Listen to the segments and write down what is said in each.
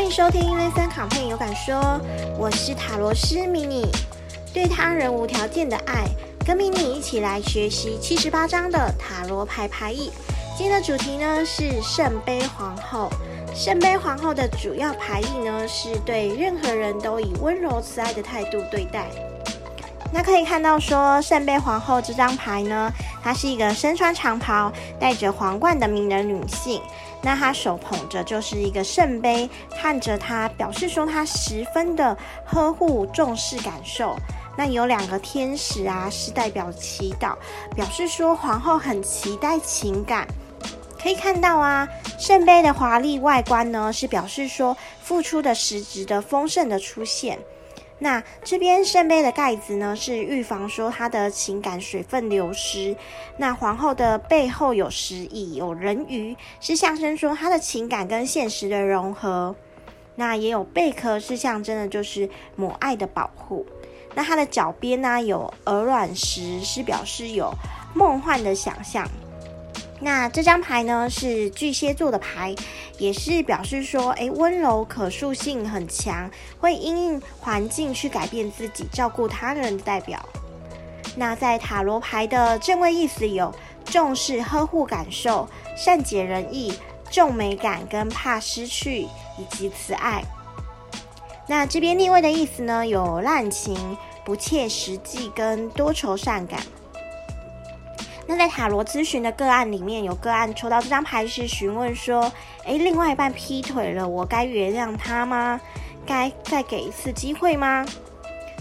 歡迎收聽 ListenContent 有感說，我是塔羅師迷你，對他人無條件的愛。跟迷你一起來學習七十八張的塔羅牌牌意。今天的主題呢是聖杯皇後。聖杯皇後的主要牌意呢是對任何人都以溫柔慈愛的態度對待。那可以看到，說聖杯皇後這張牌呢，她是一個身穿長袍、戴着皇冠的名人女性。那她手捧着就是一個聖杯，看着她表示說她十分的呵護、重視感受。那有兩個天使啊，是代表祈禱，表示說皇後很期待情感。可以看到啊，聖杯的華麗外觀呢，是表示說付出的實質的豐盛的出現。那這邊聖杯的蓋子呢，是預防說它的情感水分流失。那皇後的背後有石椅，有人魚，是象徵說他的情感跟現實的融合。那也有貝殼，是象徵的，就是母愛的保護。那他的腳邊呢，有鵝卵石，是表示有夢幻的想象。那這張牌呢，是巨蟹座的牌，也是表示說，誒、欸，溫柔可塑性，很強，會因應環境去改變自己，照顧他人的代表。那在塔羅牌的正位意思有重視呵護感受、善解人意、重美感跟怕失去以及慈愛。那這邊逆位的意思呢，有濫情、不切實際跟多愁善感。那在塔羅諮詢的個案裡面，有個案抽到這張牌時，詢問說：“欸，另外一半劈腿了，我該原諒他嗎？該再給一次機會嗎？”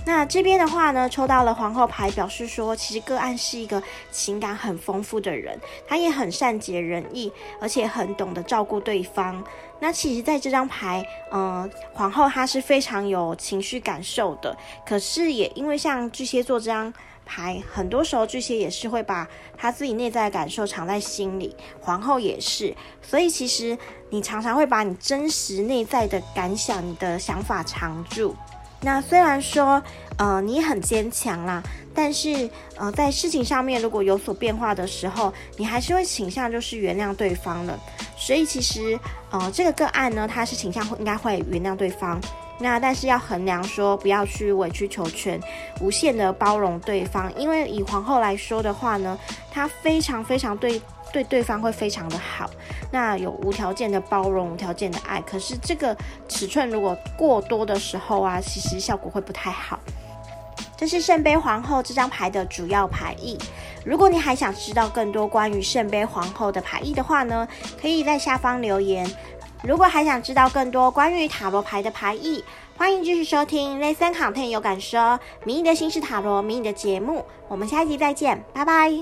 那這邊的話呢，抽到了皇後牌，表示說其實個案是一個情感很豐富的人，他也很善解人意，而且很懂得照顧對方。那其實在這張牌，嗯、呃，皇後她是非常有情緒感受的，可是也因為像巨蟹座這張牌，很多時候巨蟹也是會把他自己內在的感受藏在心裡，皇後也是，所以其實你常常會把你真實內在的感想、你的想法藏住。那雖然說，呃，你很堅強啦，但是，呃，在事情上面如果有所變化的時候，你還是會傾向就是原諒對方了。所以，其實，呃，這個個案呢，他是傾向會應該會原諒對方。那但是要衡量說，不要去委曲求全，無限的包容對方，因為以皇後來說的話呢，她非常非常對、對對方會非常的好，那有無條件的包容，無條件的愛。可是這個尺寸如果過多的時候啊，其實效果會不太好。這是聖杯皇後這張牌的主要牌意。如果你還想知道更多關於聖杯皇後的牌意的話呢，可以在下方留言。如果還想知道更多關於塔羅牌的牌意，歡迎繼續收聽《Listen Content 有感說》《迷你的心事塔羅》迷你的節目。我們下一集再見，拜拜。